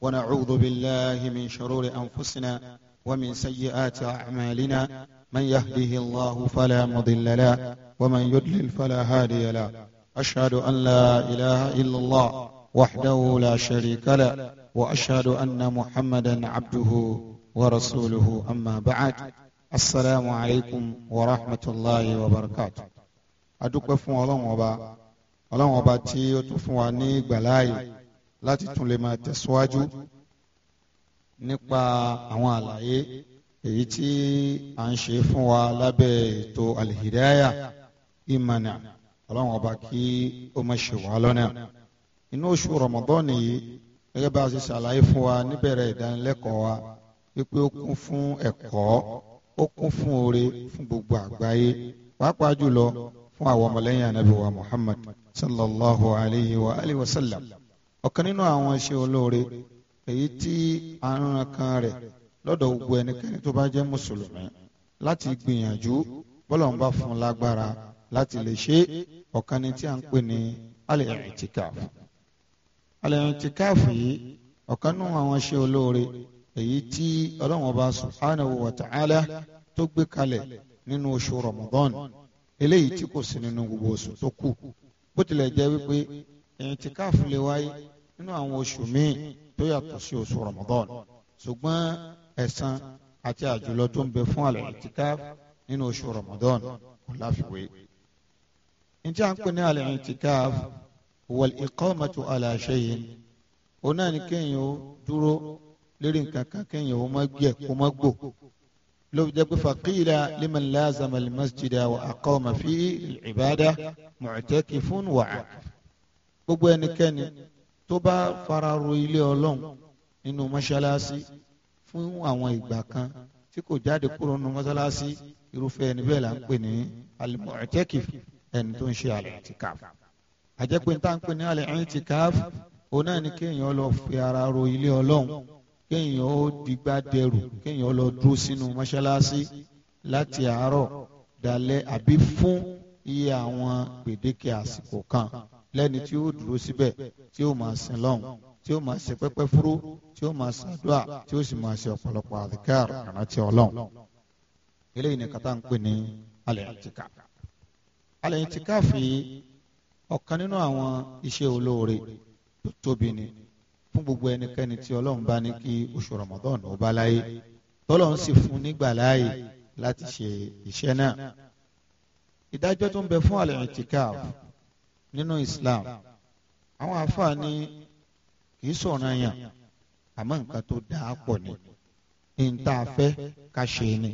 ونعوذ بالله من شرور أنفسنا ومن سيئات أعمالنا من يهده الله فلا مضل له ومن يضلل فلا هادي له أشهد أن لا إله إلا الله وحده لا شريك له وأشهد أن محمدا عبده ورسوله أما بعد السلام عليكم ورحمة الله وبركاته أدوك فون الله وبا الله وبا تي وتفواني بلاي láti tún lè máa tẹ̀síwájú nípa àwọn àlàyé èyí tí a ń ṣe fún wa lábẹ́ ètò alìhìdáyà ìmọ̀nà ọlọ́run ọba kí ó má ṣe wá lọ́nà. inú oṣù rọmọbọ́ọ̀nì yìí gẹ́gẹ́ bá a ṣe ṣàlàyé fún wa níbẹ̀rẹ̀ ìdánilẹ́kọ̀ọ́ wa wípé ó kún fún ẹ̀kọ́ ó kún fún oore fún gbogbo àgbáyé pàápàá jùlọ fún àwọn ọmọlẹ́yìn anabi muhammad sallallahu alayhi wa alayhi wa sallam ọ̀kan nínú àwọn iṣẹ́ olóore èyí tí àrùn kan rẹ̀ lọ́dọ̀ gbogbo ẹnikẹ́ni tó bá jẹ́ mùsùlùmí láti gbìyànjú bọ́lọ̀ ń bá fún un lágbára láti lè ṣe ọ̀kan ní tí a ń pè ní al-i'tikaf yìí ọ̀kan nínú àwọn iṣẹ́ olóore èyí tí ọlọ́run ọba subhanahu wa ta'ala tó gbé kalẹ̀ nínú oṣù Ramadan eléyìí tí kò sí nínú gbogbo oṣù tó kù bó tilẹ̀ jẹ́ wípé i'tikaf lè wáyé nínú àwọn oṣù míì tó yàtọ̀ sí oṣù Ramadan ṣùgbọ́n ẹ̀san àti àjùlọ tó ń bẹ fún àlẹ́ ìtìkáf nínú oṣù Ramadan kò láfiwé. ní tí a ń pè ní àlẹ́ ìtìkáf wal iqamatu ala shay'in òun náà ni kéèyàn ó dúró lérí nǹkan kan kéèyàn ó má gbẹ kó má gbò ló fi jẹ́ pé faqila liman lazama al-masjida wa aqama fi al-ibada mu'takifun wa gbogbo ẹnikẹ́ni tó bá fararo ilé ọlọ́run nínú mọ́ṣáláṣí fún àwọn ìgbà kan tí kò jáde kúrò nínú mọ́ṣáláṣí irúfẹ́ ẹni bẹ́ẹ̀ là ń pè ní al-mu'takif ẹni tó ń ṣe al-i'tikaf àjẹpẹ́ tá ń pè ní al-i'tikaf òun náà ni kéèyàn lọ fi ara ro ilé ọlọ́run kéèyàn ó digbá dẹrù kéèyàn lọ dúró sínú mọ́ṣáláṣí láti àárọ̀ dalẹ́ àbí fún iye àwọn gbèdéke àsìkò kan lẹ́ni tí ó dúró síbẹ̀ tí ó máa sin lọ́hùn tí ó máa ṣe pẹ́pẹ́ fúrú tí ó máa ṣàdúrà tí ó sì máa ṣe ọ̀pọ̀lọpọ̀ àdìkàr ìrántí ọlọ́hùn. eléyìí ni kàtà ń pè ní al-i'tikaf. al-i'tikaf fi ọ̀kan nínú àwọn iṣẹ́ olóore tó tóbi ni fún gbogbo ẹnikẹ́ni tí ọlọ́run bá ní kí oṣù Ramadan ó bá láyé tọ́lọ́run sì fún nígbà láàyè láti ṣe iṣẹ́ náà. ìdájọ́ tó ń bẹ fún al-i'tikaf nínú Islam àwọn àfáà ní kì í sọ̀ràn yàn àmọ́ nǹkan tó dáa pọ̀ ni níta fẹ́ ká ṣe ni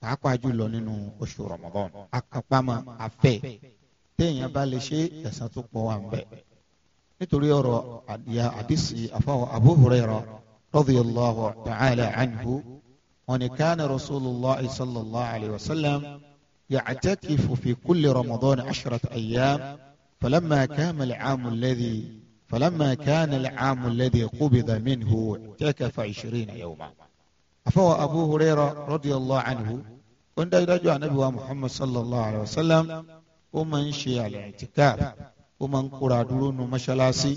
pàápàá jùlọ nínú oṣù Ramadan akapama afẹ́ téèyàn bá lè ṣe ẹ̀san tó pọ̀ wà ń bẹ nítorí ọ̀rọ̀ àdìyà àdìsí àfọwọ́ Abu Hurairah radiyallahu ta'ala wọn ni kana rasulillah sallallahu alayhi wa sallam. يعتكف في كل رمضان عشرة أيام فلما كان العام الذي فلما كان العام الذي قبض منه اعتكف عشرين يوما أفوى أبو هريرة رضي الله عنه وإن يرجع نبي محمد صلى الله عليه وسلم ومن شيع الاعتكاف ومن قرى دلون مشلاسي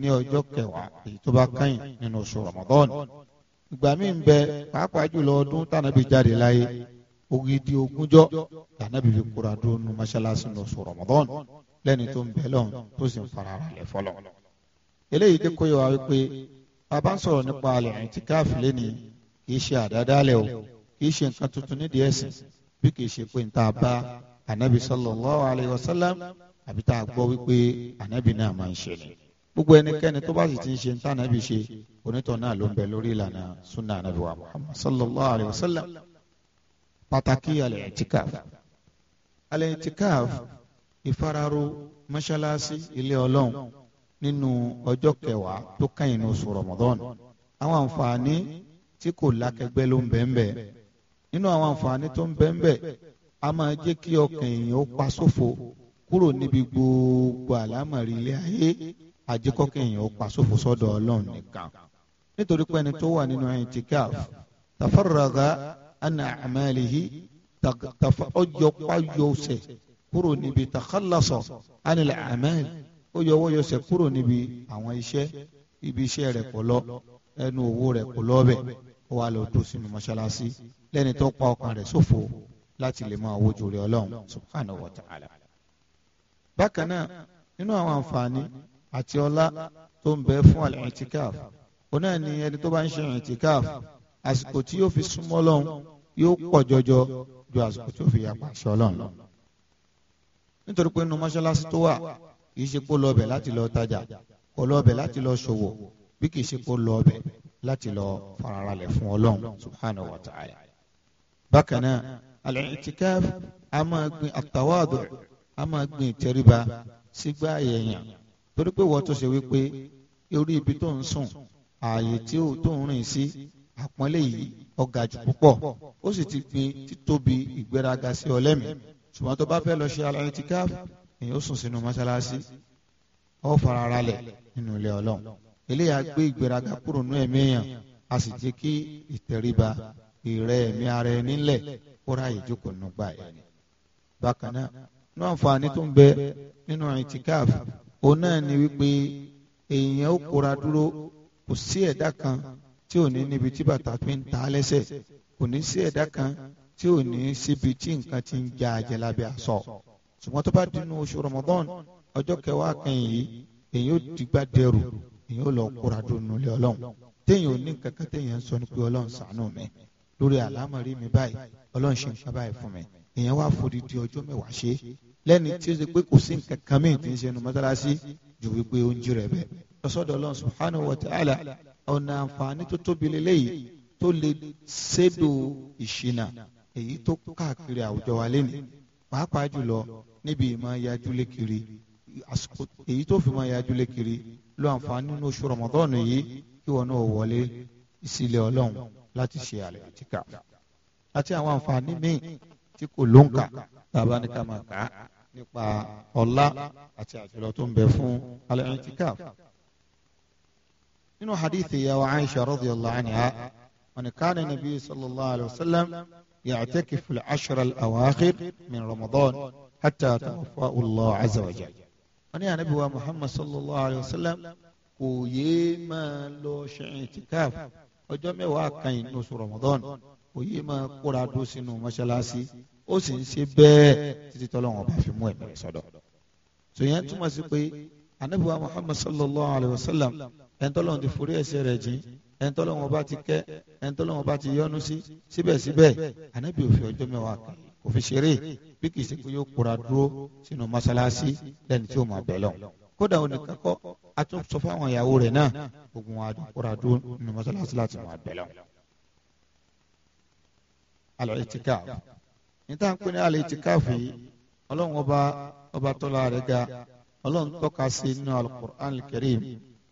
ní ọjọ́ kẹwàá èyí tó bá kẹ́yìn nínú oṣù Ramadan ìgbà míì ogidi ogúnjọ́ lànàbí fi kura dunu, nu mọ́ṣáláṣí lọ sọ Ramadan lẹ́ni tó ń bẹ̀ lọ́n tó sì ń fara rẹ̀ fọlọ́. eléyìí dé kóyọ̀ wá wípé bàbá ń sọ̀rọ̀ nípa alẹ́ rìn tí káfílẹ́ ni kì í ṣe àdádálẹ̀ o kì í ṣe nǹkan tuntun nídìí ẹ̀sìn bí kì í ṣe pé nta bá anabi sallallahu alayhi wa sallam àbí tá a gbọ́ wípé anabi náà máa ń ṣe ni gbogbo ẹnikẹ́ni tó bá sì ti ń ṣe nta anabi ṣe onítọ̀ náà ló ń bẹ lórí ìlànà sunna anabi wa muhammad sallallahu alayhi wa sallam pàtàkì al-i'tikaf ifararu ile mọ́ṣáláṣí ilé ọlọ́run nínú ọjọ́ kẹwàá tó kẹ́yìn ní oṣù Ramadan àwọn àǹfààní tí kò lákẹgbẹ́ ló ń bẹ́ẹ̀ nínú àwọn àǹfààní tó ń bẹ́ẹ̀ a máa jẹ́ kí ọkàn èèyàn ó pa sófo kúrò níbi gbogbo àlámọ̀rí ilé ayé àjẹkọ́kẹ́ èèyàn ó pa sófo sọ́dọ̀ ọlọ́run nìkan nítorí pé ẹni tó wà ana amalihi tàfà ọjọ́ pàyọ̀sẹ̀ kúrò níbi takhallaso anil amali ó yọwọ́yọsẹ̀ kúrò níbi àwọn iṣẹ́ ibi iṣẹ́ rẹ̀ kò lọ ẹnu owó rẹ̀ kò lọ bẹ̀ ó wà lọ tó sínú mọ́ṣáláṣí lẹ́ni tó pa ọkàn rẹ̀ sófo láti lè máa wojú rẹ̀ ọlọ́run subhanahu wa ta'ala. bákan náà nínú àwọn àǹfààní àti ọlá tó ń bẹ fún al-i'tikaf òun náà ni ẹni tó bá ń ṣe i'tikaf àsìkò tí yóò fi súnmọ́ lọ́hùn yóò pọ̀ jọjọ ju àsìkò tó fi yapa sí ọlọ́run lọ. nítorí pé inú mọ́ṣáláṣí tó wà kì í ṣe kó lọ ọbẹ̀ láti lọ tajà kó lọ ọbẹ̀ láti lọ ṣòwò bí kì í ṣe kó lọ ọbẹ̀ láti lọ fararalẹ̀ fún ọlọ́run subhanahu wa ta'ala. bákan náà al-i'tikaf a máa gbin at a máa gbin ìtẹríba sígbà yẹ̀yàn torí pé wọ́n tó ṣe wípé orí ibi tó ń sùn ààyè tí ó tó ń rìn sí àpọ́nlé yìí ọ̀gá jù púpọ̀ ó sì ti gbé títóbi ìgbéraga sí ọ lẹ́mìí ṣùgbọ́n tó bá fẹ́ lọ ṣe alẹ́ ti ká èyàn ó sùn sínú mọ́ṣáláṣí ó fara ara lẹ̀ nínú ilé ọlọ́run eléyà gbé ìgbéraga kúrò nú ẹ̀mí èèyàn a sì jẹ́ kí ìtẹríba ìrẹ́ ẹ̀mí ara ẹni ńlẹ̀ ó ráyè jókòó nù gbà ẹni. bákan náà nú àǹfààní tó ń bẹ nínú ìtìkáf òun náà ni wípé èèyàn ó kóra dúró kò sí ẹ̀dá kan tí ò ní níbi tí bàtà fi ń ta lẹ́sẹ̀ kò ní sí ẹ̀dá kan tí ò ní síbi tí nǹkan ti ń ja àjẹlábẹ́ àṣọ. ṣùgbọ́n tó bá dínú oṣù Ramadan ọjọ́ kẹwàá kan yìí èyí ò dìgbà dẹrù èyí ò lọ kóra dùnú lé ọlọ́run téèyàn ò ní nǹkan kan téèyàn ń sọ ní pé ọlọ́run ṣàánú mi lórí àlámọ̀rí mi báyìí ọlọ́run ṣe nǹkan báyìí fún mi èyàn wá fòdì di ọjọ́ mẹ́wàá ṣe lẹ́ni tí ó ṣe pé kò sí nǹkan kan mìíràn tí ń ṣe nu mọ́tálásí ju wípé ó ń jí rẹ̀ bẹ́ẹ̀ ọlọ́run subhanahu wa ta'ala ọ̀nà àǹfààní tó tóbi lélẹ́yìí tó lè ṣèdò ìṣìnà èyí tó káàkiri àwùjọ wa lẹ́nu pàápàá jùlọ níbi ìmọ̀ yajúlé kiri àsìkò èyí tó fi máa yajúlé kiri lo àǹfààní nínú oṣù Ramadan yìí kí wọn náà wọlé ìsílẹ̀ Ọlọ́run láti ṣe àlẹ́ àtìkà àti àwọn àǹfààní míì tí kò lóǹkà tàbá ní ká máa kà á nípa ọlá àti àjùlọ tó ń bẹ fún àlẹ́ àtìkà nínú hadithi yà wà Aisha radiyallahu anha wọn kàn nàbí sallallahu alayhi wa sallam ya'takifu al-ashra al-awakhir min ramadan hatta tawaffa allah azza wa jalla wọn ní anabi wa muhammad sallallahu alayhi wa sallam kò yéé máa lọ ṣe i'tikaf ọjọ́ mẹ́wàá kan inú oṣù ramadan kò yéé máa kóra dó sínú mọ́ṣáláṣí ó sì ń ṣe bẹ́ẹ̀ títí tọ́lọ́wọ́n bá fi mú ẹ̀mí sọ́dọ̀ sòyẹn túmọ̀ sí pé anabi muhammad sallallahu alayhi wa sallam ẹnitọ́lọ́run ti forí ẹ̀ṣẹ̀ rẹ̀ jìn ẹnitọ́lọ́run ọba ti kẹ́ ẹnitọ́lọ́run ọba ti yọ́nú sí síbẹ̀síbẹ̀ ànábì ò fi ọjọ́ mẹ́wàá kan kò fi ṣeré bí kì í ṣe pé yóò kóra dúró sínú mọ́ṣáláṣí lẹ́ni tí ó máa bẹ̀ lọ. kódà òun nìkan kọ́ a tún sọ fáwọn ìyàwó rẹ̀ náà ogun wa dùn dúró nínú mọ́ṣáláṣí láti máa bẹ̀ lọ. alọ́ ìtìká níta ń pè ní alẹ́ ìtìká fi ọlọ́run ọba ọba tọ́lá rẹ̀ ga ọlọ́run tọ́ka sí nínú alukur'an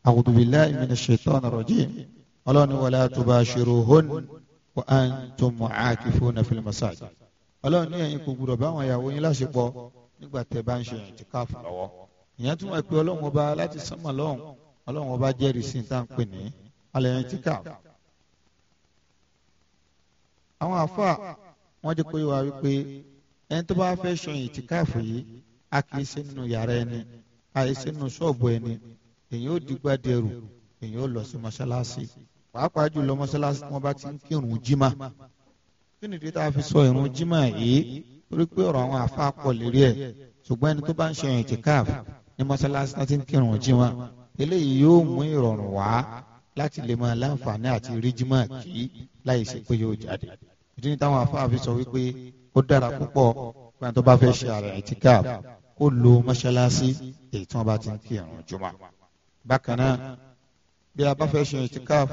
أعوذ بالله من الشيطان الرجيم ألون ولا تباشروهن وأنتم عاكفون في المساجد Ọlọ́run ní ẹ̀yin kò gbúdọ̀ bá àwọn ìyàwó yín láṣepọ̀ nígbà tẹ́ bá ń ṣe ìtìkáàfù lọ́wọ́ ìyẹn tún wà pé Ọlọ́run ọba láti sánmà lọ́hùn Ọlọ́run ọba jẹ́rìí sí tá à ń pè ní alẹ ìtìkáàfù. àwọn àfa wọn jẹ́ pé wà wípé ẹni tó bá fẹ́ ṣe ìtìkáàfù yìí a kì í ṣe nínú yàrá ẹni a kì í ṣe nínú ṣọ́ọ̀bù ẹni èyàn ó dìgbà dẹrù èyàn ó lọ sí mọ́ṣáláṣí pàápàá jùlọ mọ́ṣáláṣí tí wọ́n bá ti ń kírun jímà kí nìdí tá a fi sọ ìrun jímà yìí torí pé ọ̀rọ̀ àwọn àfa pọ̀ lérí ẹ̀ ṣùgbọ́n ẹni tó bá ń ṣe ìtìkáf ní mọ́ṣáláṣí náà ti ń kírun jímà eléyìí yóò mú ìrọ̀rùn wá láti lè máa láǹfààní àti rí jímà kí láì ṣe pé yóò jáde ìdí ni táwọn àfa fi sọ wípé ó dára púpọ̀ pé àwọn tó bá fẹ́ ṣe àrà ìtìkáf kó lo mọ́ṣáláṣí èyí tí wọ́n bá ti ń kírun jímà bákan náà bí a bá fẹ́ ṣe ìtìkáf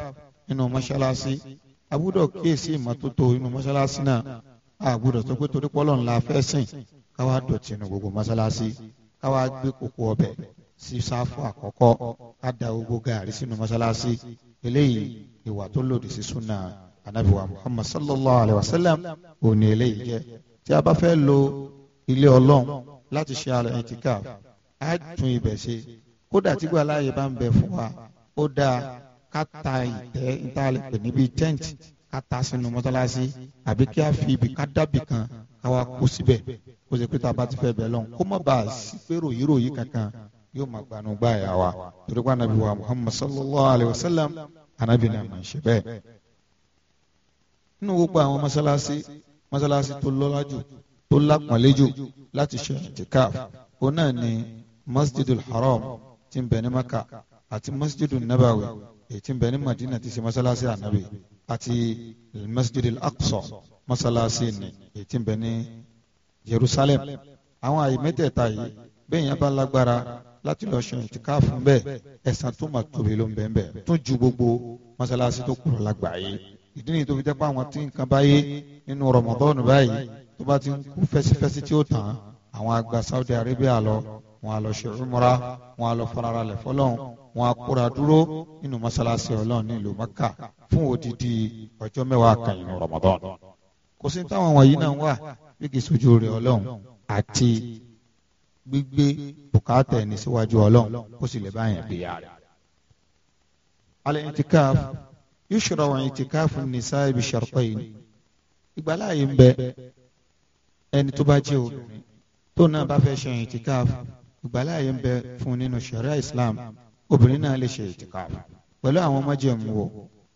nínú mọ́ṣáláṣí a gbúdọ̀ kíyèsí ìmọ́tótó inú mọ́ṣáláṣí náà a gbúdọ̀ tó pé torí pọ́lọ́ ńlá fẹ́ sìn káwá dọ̀tí inú gbogbo mọ́ṣáláṣí káwá gbé kókó ọbẹ̀ sí sáfù àkọ́kọ́ ká da gbogbo gàárì sínú mọ́ṣáláṣí eléyìí ìwà tó lòdì sí súnà anabi muhammad sallallahu alayhi wa sallam òní eléyìí jẹ tí a bá fẹ́ lo ilé ọlọ́run láti ṣe àlọ́ ìtìkáf á tún ibẹ̀ ṣe kódà tí gbà láàyè bá ń bẹ fún wa ó dáa ká ta ìtẹ́ ìtàlẹ́pẹ̀ níbi tent ká ta sínú mọ́tálásí àbí kí a fi ibi ká dábì kan ká wa kó síbẹ̀ kó sì pé tá a bá ti fẹ́ bẹ̀ lọ́n kó má bàa sí pé ròyìn ròyìn kankan yóò máa gbanú gbà yà wa torí pé anabi wa muhammad sallallahu alayhi wa sallam anabi náà máa ń ṣe bẹ́ẹ̀. nínú gbogbo àwọn mọ́sálásí mọ́sálásí tó lọ́lá jù tó lápọ̀nlé láti ṣe àtìkáf òun náà ni masjidul haram tí ń bẹ ní maka àti masjidu nabawi èyí tí ń bẹ ní madina ti ṣe masalasi anabi àti masjidu al-aqsa masalasi ni èyí tí ń bẹ ní jerusalem àwọn àyè mẹ́tẹ̀ẹ̀ta yìí bẹ́ẹ̀ yẹn bá lágbára láti lọ ṣe ìtìkáàfù bẹ́ẹ̀ ẹ̀sán tó máa tóbi ló ń bẹ́ẹ̀ bẹ́ẹ̀ tó ju gbogbo masalasi tó kúrò lágbàáyé ìdí nìyí tó fi jẹ́ pé àwọn tí nǹkan bá yé nínú Ramadan báyìí tó bá ti ń kú fẹsifẹsi tí ó tàn àwọn àgbà Saudi Arabia lọ wọn á lọ ṣe umra wọn á lọ farara lẹ̀ fọ́lọ́run wọn á kóra dúró nínú mọ́sálásí ọlọ́run ní maka fún odidi ọjọ́ mẹ́wàá kan inú ramadan kò sí táwọn wọ̀nyí náà wà bí kì í sojú rẹ̀ ọlọ́run àti gbígbé bùkátà ẹni síwájú ọlọ́run kó sì lè bá yẹn gbé yàrá. al-i'tikaf yushra wa i'tikafu an-nisaa bi shartayn ìgbàláyé ń bẹ ẹni tó bá jẹ́ obìnrin tó náà bá fẹ́ ṣe i'tikaf ìgbàláyé ń bẹ fún nínú sharia islam obìnrin náà lè ṣe ìtìkáàfù pẹ̀lú àwọn májẹ̀mú wo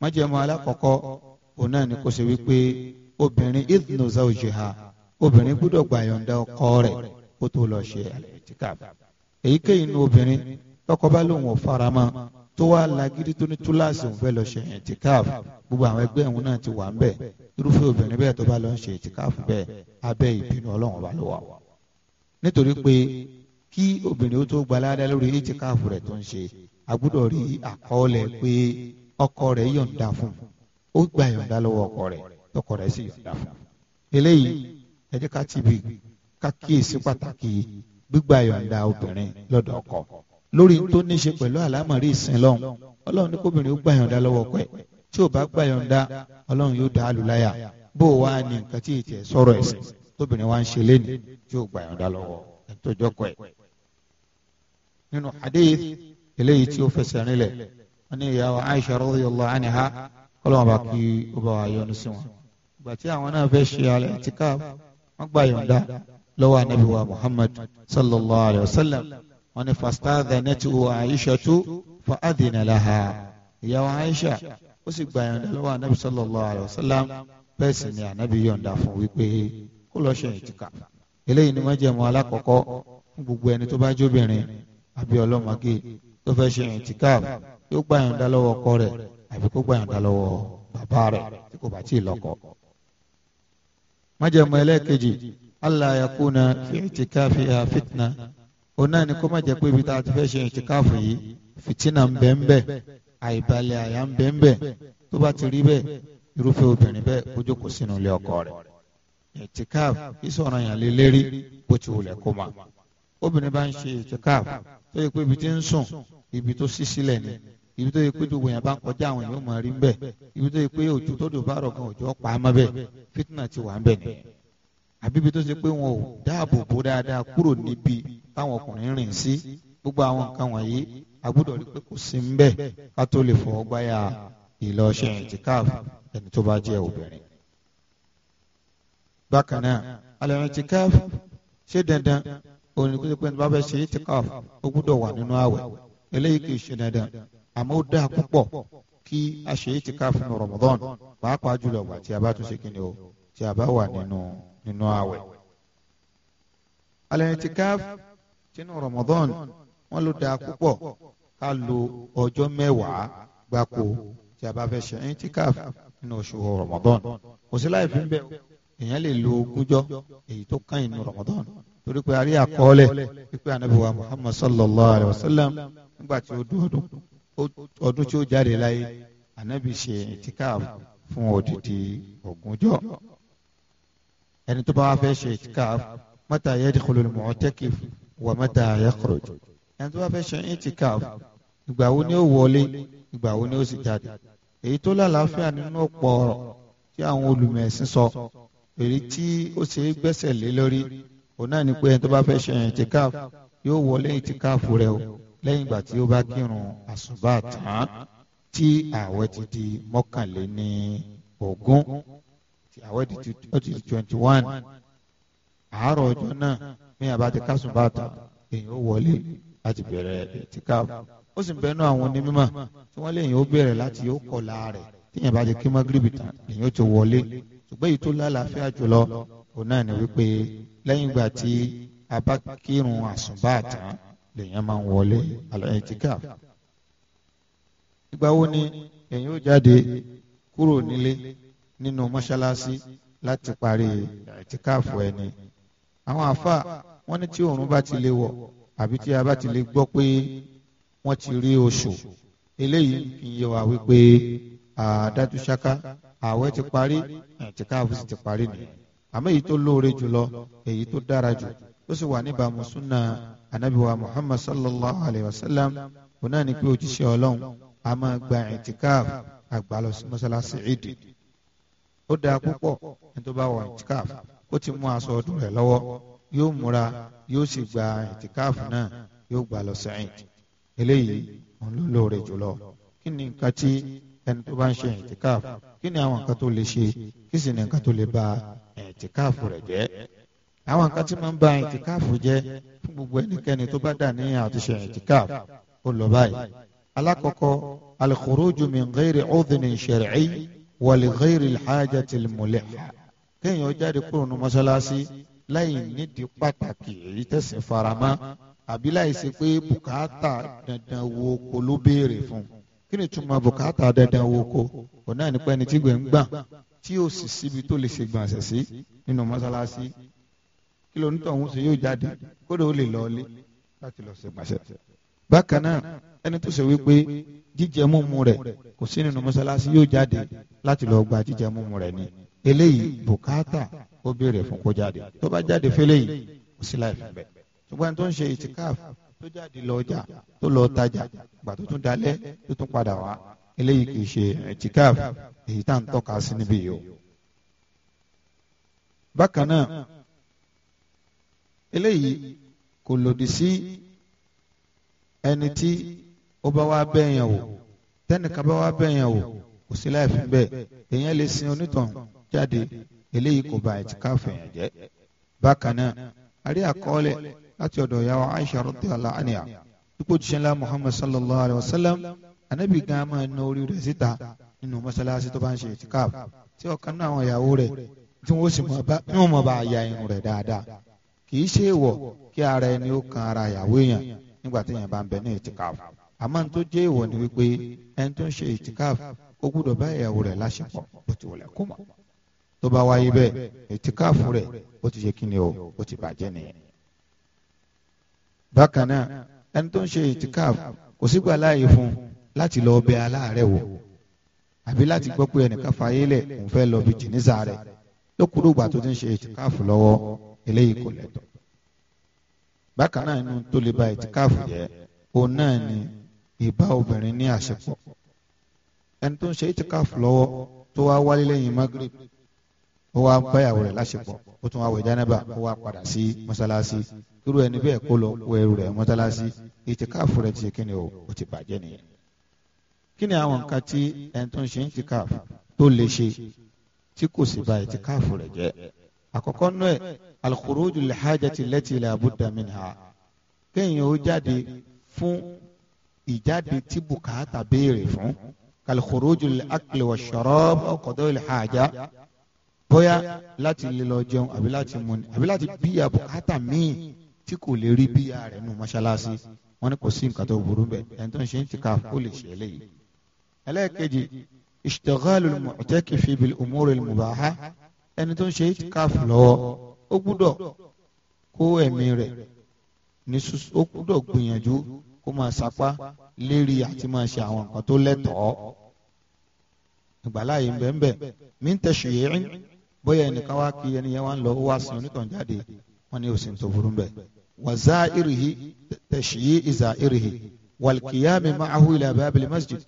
májẹ̀mú alákọ̀ọ́kọ́ òun náà ni kò ṣe wípé obìnrin idhnu zawjiha obìnrin gbọ́dọ̀ gba yọ̀ǹda ọkọ rẹ̀ kó tó lọ ṣe ìtìkáàfù èyíkéyìí inú obìnrin tọkọ bá lóun ò faramọ́ tó wá lágídí tó ní túláàsì òun fẹ́ lọ ṣe ìtìkáàfù gbogbo àwọn ẹgbẹ́ òun náà ti wà ń bẹ̀ irúfẹ́ obìnrin bẹ́ẹ̀ tó bá lọ ń ṣe ìtìkáàfù bẹ́ẹ̀ abẹ́ ìbínú ọlọ́run ọba ló nítorí pé kí obìnrin ó tó gbalada lórí ìtìkáàfù rẹ̀ tó ń ṣe agbọ́dọ̀ rí àkọọ́lẹ̀ pé ọkọ rẹ̀ yọ̀ǹda fún ó gba yọ̀ǹda lọ́wọ́ ọkọ rẹ̀ ọkọ rẹ̀ sì yọ̀ǹda fún. eléyìí ẹ jẹ́ ká ti bì ká kíyèsí pàtàkì gbígba yọ̀ǹda obìnrin lọ́dọ̀ ọkọ lórí tó ní ṣe pẹ̀lú àlámọ̀rí ìsìn lọ́hùn ọlọ́run ní kóbìnrin ó gba yọ̀ǹda lọ́wọ́ ọkọ ẹ̀ tí ò bá gba yọ̀ǹda ọlọ́run yóò dá a lù láyà bó o wá ní nǹkan tí ètò ẹ̀ sọ̀rọ̀ ẹ̀sìn tóbìnrin wá ń ṣe léni tí ò gba yọ̀ǹda lọ́wọ́ ẹ̀ tó jọ́kọ̀ ẹ̀ nínú hadith eléyìí tí ó fẹsẹ̀ rinlẹ̀ wọ́n ní ìyàwó Aisha radiyallahu anha kọ́lọ́wọ́n bá kí ó bá wa yọ́nú sí wọn. ìgbà tí àwọn náà fẹ́ ṣe alẹ́ àti káàb wọ́n gbà yọ̀ǹda lọ́wọ́ anabi wa Muhammad sallallahu alayhi wa sallam wọ́n ní fastadhanatu Aisha tu fa adhina laha ìyàwó Aisha ó sì gbà yọ̀ǹda lọ́wọ́ anabi sallallahu alayhi wa sallam bẹ́ẹ̀ sì ni anabi yọ̀ǹda fún wípé kó lọ́ọ́ ṣe ìtìkà eléyìí ni wọ́n jẹ́ mọ́ alákọ̀ọ́kọ́ fún gbogbo ẹni tó bá jóbìnrin àbí ọlọ́mọge tó fẹ́ ṣe ìtìkáf yóò gbà yọ̀ǹda lọ́wọ́ ọkọ rẹ̀ àbí kó gbà yọ̀ǹda lọ́wọ́ bàbá rẹ̀ tí kò bá tí ì lọ́kọ. májẹ̀mú ẹlẹ́ẹ̀kejì allah yakuna fi ìtìkáfi ha fitna òun náà ni kó má jẹ́ pé ibi tá a ti fẹ́ ṣe ìtìkáf yìí fitina ń bẹ ń bẹ àìbalẹ̀ àyà ń bẹ ń bẹ tó bá ti rí bẹ́ẹ̀ irúfẹ́ obìnrin bẹ́ẹ̀ kó jókòó sínú ilé ọkọ rẹ̀ ìtìkáf ìsọ̀ràn yàn lé lérí bó ti wulẹ̀ kó máa obìnrin bá ń ṣe ìtìkáàf tó yẹ pé ibi tí ń sùn ibi tó ṣí sílẹ̀ ni ibi tó yẹ pé gbogbo yẹn bá ń kọjá àwọn èèyàn máa rí ń bẹ ibi tó yẹ pé òjò tó dò bá rọ̀ gan òjò pa á mọ́ bẹ́ẹ̀ fitna ti wà ń bẹ ni àbí ibi tó ṣe pé wọn ò dáàbò bò dáadáa kúrò níbi táwọn ọkùnrin rìn sí gbogbo àwọn nǹkan wọ̀nyí a gbọ́dọ̀ rí pé kò sí ń bẹ ká tó lè fọwọ́ gbáyà ìlọṣẹ ìtìkáàf ẹni tó bá oníkóso pé ní bá fẹ́ ṣe é ti káf ó gbúdọ̀ wà nínú àwẹ̀ eléyìí kì í ṣe dandan àmọ́ ó dáa púpọ̀ kí a ṣe é ti káf ní Ramadan pàápàá jùlọ wà tí a bá tún ṣe kí ni o tí a bá wà nínú nínú àwẹ̀. alẹ́ ti káf sínú Ramadan wọ́n ló dáa púpọ̀ ká lo ọjọ́ mẹ́wàá gbáko tí a bá fẹ́ ṣe é ti káf nínú oṣù Ramadan kò sí láì fi ń bẹ́ẹ̀ èèyàn lè lo ogúnjọ́ èyí tó kàn inú Ramadan torí pé a rí àkọọ́lẹ̀ pípé Ànábì wa Muhammad sallallahu alayhi wa sallam nígbà tí ó dún ọdún ọdún tí ó jáde láyé Ànábì ṣe ìtìkáf fún odidi ogúnjọ́ ẹni tó bá wá fẹ́ ṣe ìtìkáf mata yadkhulu al-mu'takif wa mata yakhruj ẹni tó bá fẹ́ ṣe ìtìkáf ìgbà wo ni ó wọlé ìgbà wo ni ó sì jáde èyí tó lálàáfíà nínú ọ̀pọ̀ ọ̀rọ̀ tí àwọn olùmẹ̀sìn sọ èyí tí ó ṣe é gbẹ́sẹ̀ lé lórí òun náà ni pé ẹni tó bá fẹ́ ṣe ẹ̀ǹtìkáf yóò wọ lẹ́yìn ìtìkáàfù rẹ̀ o lẹ́yìn ìgbà tí ó bá kírun àsùbà tán tí ààwẹ̀ ti di mọ́kànléní ogún tí ààwẹ̀ ti di twenty one àárọ̀ ọjọ́ náà bí a bá ti kásùn bá tán èyàn ó wọlé láti bẹ̀rẹ̀ ìtìkáàfù ó sì ń bẹnu àwọn onímọ̀ tí wọ́n léyìn ó bẹ̀rẹ̀ láti yóò kọ̀ láàrẹ̀ tíyẹn bá ti kí mọ́gírìbì ṣùgbọ́n èyí tó lálàáfíà jùlọ òun náà ni wípé lẹ́yìn ìgbà tí a bá kírun àsùnbà tán lèèyàn máa ń wọlé al-i'tikaf. ìgbà wo ni èyàn ó jáde kúrò nílé nínú mọ́ṣáláṣí láti parí i'tikaf ẹni. àwọn àfa wọn ní tí òòrùn bá ti lè wọ̀ àbí tí a bá ti lè gbọ́ pé wọ́n ti rí oṣù eléyìí fi yé wa wípé àdájú ṣáká ààwẹ̀ ti parí ẹ̀tìkáàfù sì ti parí nìyẹn àmọ́ èyí tó lóore jùlọ èyí tó dára jù ó sì wà níbàámu súnà anábìwá muhammad sallallahu alayhi wa sallam kò náà ní pé òjíṣẹ́ ọlọ́run a máa gba ẹ̀tìkáàfù àgbà lọ sí mọ́sálásí ìdì ó dáa púpọ̀ ní tó bá wọ ẹ̀tìkáàfù ó ti mú aṣọ ọdún rẹ̀ lọ́wọ́ yóò múra yóò sì gba ẹ̀tìkáàfù náà yóò gbà lọ sẹ́yìn eléyìí òun ló lóore jùlọ kí ni nǹkan tí ẹni tó bá ń ṣe ẹ̀tìkáf kí ni àwọn nǹkan tó lè ṣe kí sì ni nǹkan tó lè ba ẹ̀tìkáf rẹ̀ jẹ́ àwọn nǹkan tí máa ń ba ẹ̀tìkáf jẹ́ fún gbogbo ẹnikẹ́ni tó bá dà níyàn àti ṣe ẹ̀tìkáf ó lọ báyìí alákọ̀ọ́kọ́ al-khuruju min ghayri udhnin shar'i wa li ghayri al-hajati kúrò ní mọ́ṣáláṣí láì nídìí pàtàkì èyí tẹ̀sìn faramá àbí láì ṣe pé bùkátà dandan wo kò béèrè fún un kí ni túmọ̀ bùkátà dandan wo ko òun náà nípa ẹni tí gbẹ̀ ń gbà tí yóò sì síbi tó lè ṣe gbọ̀nsẹ̀ sí nínú mọ́sálásí kí ló ń tọ̀ ọ̀hún ṣe yóò jáde kódà ó lè lọ́ọ́lé láti lọ́ọ́ ṣe gbọ̀nsẹ̀. bákan náà ẹni tó ṣe wípé jíjẹ múmu rẹ̀ kò sí nínú mọ́sálásí yóò jáde láti lọ́ọ́ gba jíjẹ múmu rẹ̀ ni eléyìí bùkátà ó béèrè fún kó jáde tó bá jáde fẹ́lẹ́ yìí kò sí láì fún bẹ́ẹ̀ ṣùgbọ́n tó ń ṣe ìtìkáàfù tó jáde lọ ọjà tó lọ tajà gbà tó tún dalẹ̀ tó tún padà wá eléyìí kì í ṣe ẹtìkáàf èyí tá à ń tọ́ka sí níbí yìí o. bákan náà eléyìí kò lòdì sí ẹni tí ó bá wá bẹ́yàn o tẹ́nìkan bá wá bẹ́yàn o kò sí láì fi bẹ́ẹ̀ èèyàn lè sin onítàn jáde eléyìí kò bà ẹtìkáàf èèyàn jẹ́ bákan náà a rí àkọọ́lẹ̀ láti ọ̀dọ̀ ìyá wa Aisha radiyallahu anha ipò jíṣẹ́ ńlá Muhammad sallallahu alayhi wa sallam anabi gan máa na orí rẹ̀ síta nínú mọ́ṣáláṣí tó bá ń ṣe ìtìkáf tí ọ̀kan náà àwọn ìyàwó rẹ̀ tí wọ́n sì mọ̀ bá ya irun rẹ̀ dáadáa kì í ṣe èèwọ̀ kí ara ẹni ó kan ara ìyàwó èèyàn nígbà tí èèyàn bá ń bẹ ní ìtìkáf àmọ́ ní tó jẹ́ èèwọ̀ ni wípé ẹni tó ń ṣe ìtìkáf ó gbúdọ̀ bá ìyàwó rẹ̀ láṣepọ̀ bó ti wọlé kó tó bá wáyé bẹ́ẹ̀ ìtìkáf rẹ̀ ó ti ṣe kí o ó ti bàjẹ́ nìyẹn bákan náà ẹni tó ń ṣe ìtìkáàf kò sígbà láàyè fún un láti lọ bẹ̀ aláàárẹ̀ wò àbí láti gbọ́ pé ẹnìkan fàyè lẹ̀ òun fẹ́ lọ bí jìnnìza rẹ̀ lókùrú ìgbà tó ti ń ṣe ìtìkáàf lọ́wọ́ eléyìí kò lẹ́tọ̀ bákan inú tó lè ba ìtìkáàf jẹ́ òun náà ni ìbá obìnrin ní àṣepọ̀ ẹni tó ń ṣe ìtìkáàf lọ́wọ́ tó wá wálé lẹ́yìn magrib ó wá báyàwó rẹ̀ láṣepọ̀ ó tún wá wẹ̀ jánaba ó wá padà sí mọ́sálásí irú ẹni bẹ́ẹ̀ kó lọ kó ẹrù rẹ̀ mọ́sálásí ìtìkáàfù rẹ̀ ti ṣe kíni o ó ti bàjẹ́ nìyẹn. kí ni àwọn nǹkan tí ẹni tó ń ṣe ìtìkáàfù tó lè ṣe tí kò sì bà ìtìkáàfù rẹ̀ jẹ́ àkọ́kọ́ náà al-khuruju lil-hajati allati la budda minha kéèyàn ó jáde fún ìjáde tí bùkátà béèrè fún kal-khuruju lil-akli wash-sharab aw qada'i bóyá láti lè lọ jẹun àbí láti mu ni àbí láti bíyà bùkátà míì tí kò lè rí bíyà rẹ̀ nù mọ́ṣáláṣí wọn ni kò sí nǹkan tó burú bẹ́ẹ̀ ẹni tó ń ṣe i'tikaf ó lè ṣe eléyìí. ẹlẹ́ẹ̀kejì ishtighalu al-mu'takifi bil umuri al-mubaha ẹni tó ń ṣe i'tikaf lọ́wọ́ ó gbúdọ̀ kó ẹ̀mí rẹ̀ ní ṣùṣù ó gbúdọ̀ gbìyànjú kó máa sapá lérí àti máa ṣe àwọn nǹkan tó lẹ́tọ̀ọ́ ìgbàláyé ń bẹ́ẹ̀ bẹ́ẹ̀ min tashyi'in bóyá ẹnìkan wá kí ẹni yẹn wá ń lọ ó wá sin onítàn jáde wọn ni òsì tó burú bẹ. wàzá irihi tẹ̀síyí ìzà irihi wàlkìyàmì máàhù ilà bábìlì masjid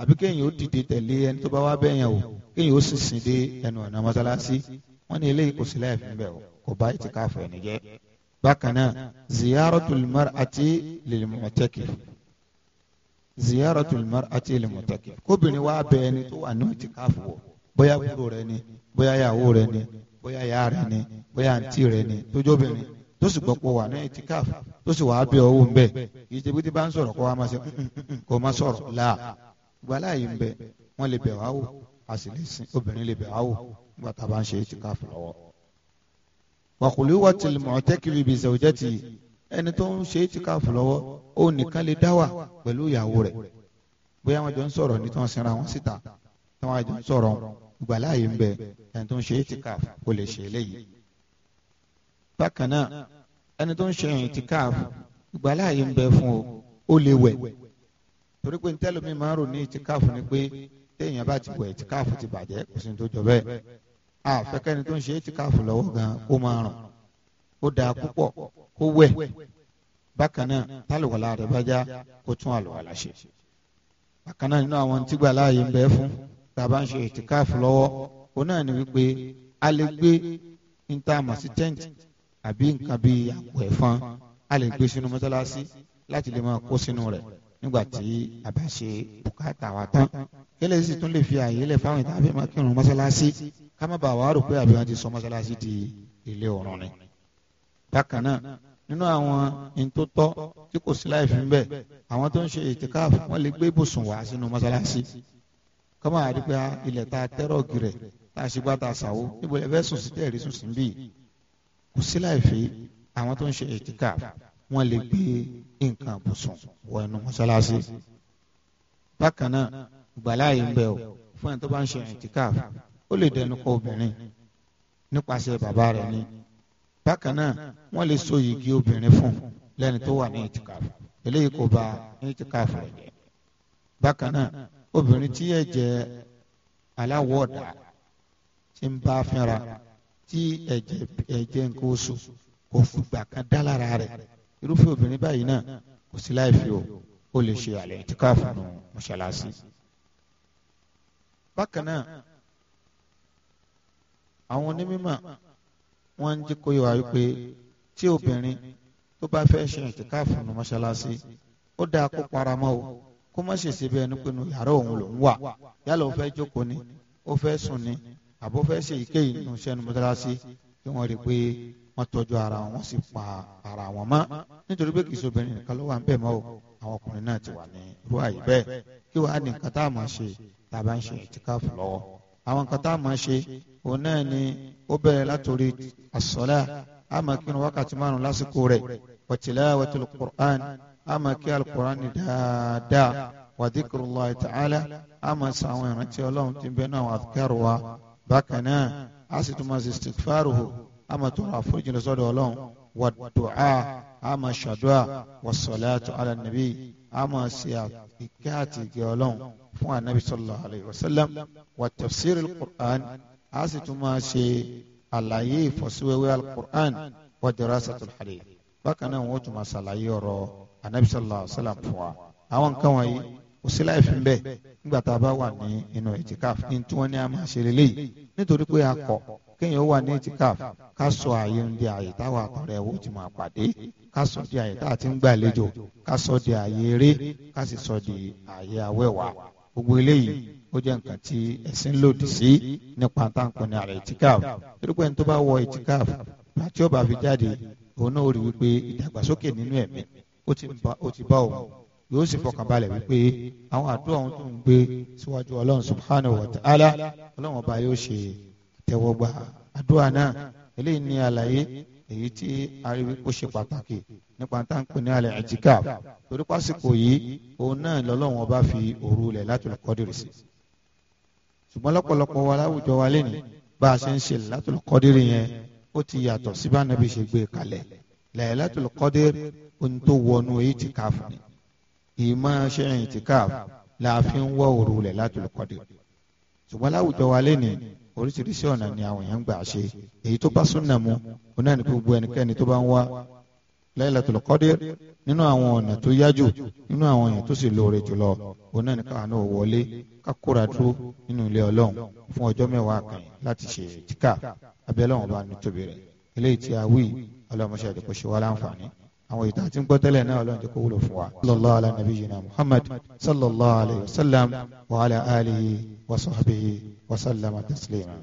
àbí kéèyàn ó dìde tẹ̀lé ẹni tó bá wá bẹ́ẹ̀ yẹn o kéèyàn ó sì sìn dé ẹnu ọ̀nà mọ́sálásí wọn ni eléyìí kò sí láìpẹ́ bẹ́ẹ̀ o kò bá ìtìkáfù ẹni jẹ́. bákan náà ziyaratul mar'ati lil mu'takif ziyaratul mar'ati lil mu'takif kóbìnrin wá bẹ ẹni tó wà ní ìtìkáfù wọ bóyá gbúrò rẹ ni bóyá ìyàwó rẹ ni bóyá ìyá rẹ ni bóyá àǹtí rẹ ni tójóbìnrin tó sì gbọ́ pọ̀ wà ní itikaf tó sì wàá bẹ owó ńbẹ kì í ṣe bíi ti bá ń sọ̀rọ̀ kó wa máa ṣe mm, mm, mm, kó máa sọ̀rọ̀ là gbala yìí ń bẹ wọ́n lè bẹ̀ wá wò a sì lè sin obìnrin lè bẹ̀ wá wò nígbà tá a bá ń ṣe itikaf lọ́wọ́. wa khuluwatil mu'takifi bi zawjati ẹni tó ń ṣe itikaf lọ́wọ́ ó nìkan lè dá wà pẹ̀lú ìyàwó rẹ̀ bóyá wọn jọ ń sọ̀rọ̀ ní tí wọ́n sinra wọn síta tí wọ́n jọ ń sọ̀rọ̀ gbàláyé ń bẹ ẹni tó ń ṣe itikaf ó lè ṣe eléyìí bákan náà ẹni tó ń ṣe itikaf gbàláyé ń bẹ fún o ó lè wẹ̀ torí pé ntẹ́lómi máa ń rò ní itikaf ni pé téèyàn bá ti wẹ̀ itikaf ti bàjẹ́ kò sí ní tó jọ bẹ́ẹ̀ àfẹ́kẹ́ni tó ń ṣe itikaf lọ́wọ́ gan kó máa rùn ó dáa púpọ̀ kó wẹ̀ bákan náà tálùwàlá rẹ̀ bá já kó tún àlùwàlá ṣe bákan náà nínú àwọn tí gbàláyé ń bẹ fún tàbá ń ṣe ìtìkáàfù lọ́wọ́ òun náà ni wípé a lè gbé intanet sí tẹ́ǹtì àbí nǹkan bíi àpò ẹ̀fọn a lè gbé sínú mọ́tálásí láti lè máa kó sínú rẹ̀ nígbà tí a bá ṣe bùkátà wa tán kẹlẹ sì tún lè fi àyè lẹ fáwọn ìtàn àbẹ̀mọ́ kírun mọ́sálásí ká má bàa wá rò pé àbí wọn ti sọ mọ́sálásí di ilé ọ̀run ni. bákan náà nínú àwọn ìtótọ́ tí kò sí láì fi ń bẹ̀ àwọn tó ń ṣe ìtìkáàfù wọ́n lè gbé ibùsùn wá sínú mọ́sálásí kọ́mọ àdìgbà ilẹ̀ tá a tẹ́rọ̀ gírẹ̀ tá a ṣe gbá ta ṣàwó níbo ẹ fẹ́ sùn sí tẹ́ẹ̀rí sùn sí bíi kò sí láìfẹ́ àwọn tó ń ṣe ètìkà wọ́n lè gbé nǹkan àbùsùn wọ inú mọ́ṣáláṣí. bákan náà ìgbàláyé ń bẹ o fún ẹni tó bá ń ṣe ètìkà ó lè dẹnu kọ obìnrin nípasẹ̀ bàbá rẹ̀ ni bákan náà wọ́n lè so yìgì obìnrin fún lẹ́ni tó wà ní ètìkà eléyìí kò bà ètìkà rẹ̀ jẹ́ bákan náà obìnrin tí ẹ̀jẹ̀ aláwọ̀ ọ̀dà ti ń bá fínra tí ẹ̀jẹ̀ ẹ̀jẹ̀ nǹkan oṣù kò fìgbà kan dá lára rẹ̀ irúfẹ́ obìnrin báyìí náà kò sí láì fi o ó lè ṣe àlẹ́ ìtìkáàfù nù mọ́ṣáláṣí. bákan náà àwọn onímọ̀ wọ́n ń jí kó yọ wáyé pé tí obìnrin tó bá fẹ́ ṣe ìtìkáàfù nù mọ́ṣáláṣí ó dáa kó paramọ́ o kó má ṣèṣe bẹ́ẹ̀ ni pinnu yàrá òun lòún wà yálà ó fẹ́ jókòó ni ó fẹ́ sùn ni àbó fẹ́ ṣe ìkéyìí nù sẹ́nu mọ́tàlásí kí wọ́n rí i pé wọ́n tọ́jú ara wọn sì pa ara wọn mọ́ nítorí pé kìsọ obìnrin nìkan ló wà ń bẹ̀ mọ́ o àwọn ọkùnrin náà ti wà ní irú àyè bẹ́ẹ̀ kí wàá ní nǹkan tá a máa ṣe tá a bá ń ṣe ìtìkáfù lọ́wọ́ àwọn nǹkan tá a máa ṣe òun náà ni ó bẹ̀rẹ̀ látòrí àsọ̀lá àmọ́ kí wọ́n wákàtí márùn-ún lásìkò rẹ̀ wa tilawatul Qur'an ama kí alukurani dáadáa wàdíkùrúláì tàcálà ama sàwọn ìrántí ọlọ́run tí ń bẹ náà àtikárò wa bákan náà a sì tún ma ṣe istikfaruhu ama tọrọ àforíjì lọ́sọ̀dọ̀ ọlọ́run wà dùcá ama ṣàdúà wà sọ̀láàtù àlà nàbí ama ṣe àkíkẹ́ àti ọlọ́run fún anabi sallallahu alayhi wa sallam wà tafsir alukur'an a sì tún ma wà dirasatul hadith bákan náà wọ́n tún ma ṣàlàyé ọ̀rọ̀ anabi sallallahu sallam fún wa àwọn nǹkan wọ̀nyí kò sí láì fi bẹ́ẹ̀ nígbà tá a bá wà ní inú itikaf ní tí wọ́n ní a máa ṣe lélẹ́yìí nítorí pé a kọ̀ kéèyàn wà ní itikaf ká sọ ààyè ń di ààyè táwa àtọ̀rẹ́ ẹ̀wò ti máa pàdé ká sọ di ààyè tá a ti ń gbàlejò ká sọ di ààyè eré ká sì sọ di ààyè awẹ́wà gbogbo eléyìí ó jẹ́ nǹkan tí ẹ̀sìn lòdì sí nípa táǹkù ní ààrẹ itikaf torí pé tó bá wọ itikaf àti ó fi jáde òun náà rí wípé ìdàgbàsókè nínú ẹ̀mí ó ti bá ó ti bá o yóò sì fọkàn balẹ̀ wípé àwọn àdúrà ohun tó ń gbé síwájú ọlọ́run subhanahu wa ta'ala ọlọ́run ọba yóò ṣe tẹ́wọ́gbà àdúrà náà eléyìí ní àlàyé èyí tí ariwo ó ṣe pàtàkì nípa tá ń pè ní alẹ́ ẹ̀jíkà torí pásìkò yìí òun náà lọ́lọ́run ọba fi òru lẹ̀ Lailatul Qadr sí ṣùgbọ́n lọ́pọ̀lọpọ̀ wa láwùjọ wa lẹ́nu bá a ṣe ń ṣe Lailatul Qadr yẹn ó ti yàtọ̀ síbá ṣe gbé kalẹ̀ Laylatul Qadr ohun tó wọnú itikaf ni ìmọ̀ ṣe itikaf láàfin wọ òru Laylatul Qadr ṣùgbọ́n láwùjọ wa lé ní oríṣiríṣi ọ̀nà ni àwọn èèyàn gbà ṣe èyí tó bá súnà mu òun náà ní gbogbo ẹnikẹ́ni tó bá ń wá Laylatul Qadr nínú àwọn ọ̀nà tó yájú nínú àwọn èèyàn tó sì lóore jùlọ òun náà káwọn náà wọlé kákóra eléyìí tí a wí ọlọmọṣẹ àdìpọ̀ ṣe wá láǹfààní àwọn ìta tí ń gbọ́ tẹ́lẹ̀ náà ọlọ́run jẹ́ kó wúlò fún wa. sallallahu ala nabiyyina muhammad sallallahu alayhi wa sallam wa ala wa sahbihi wa sallama taslima.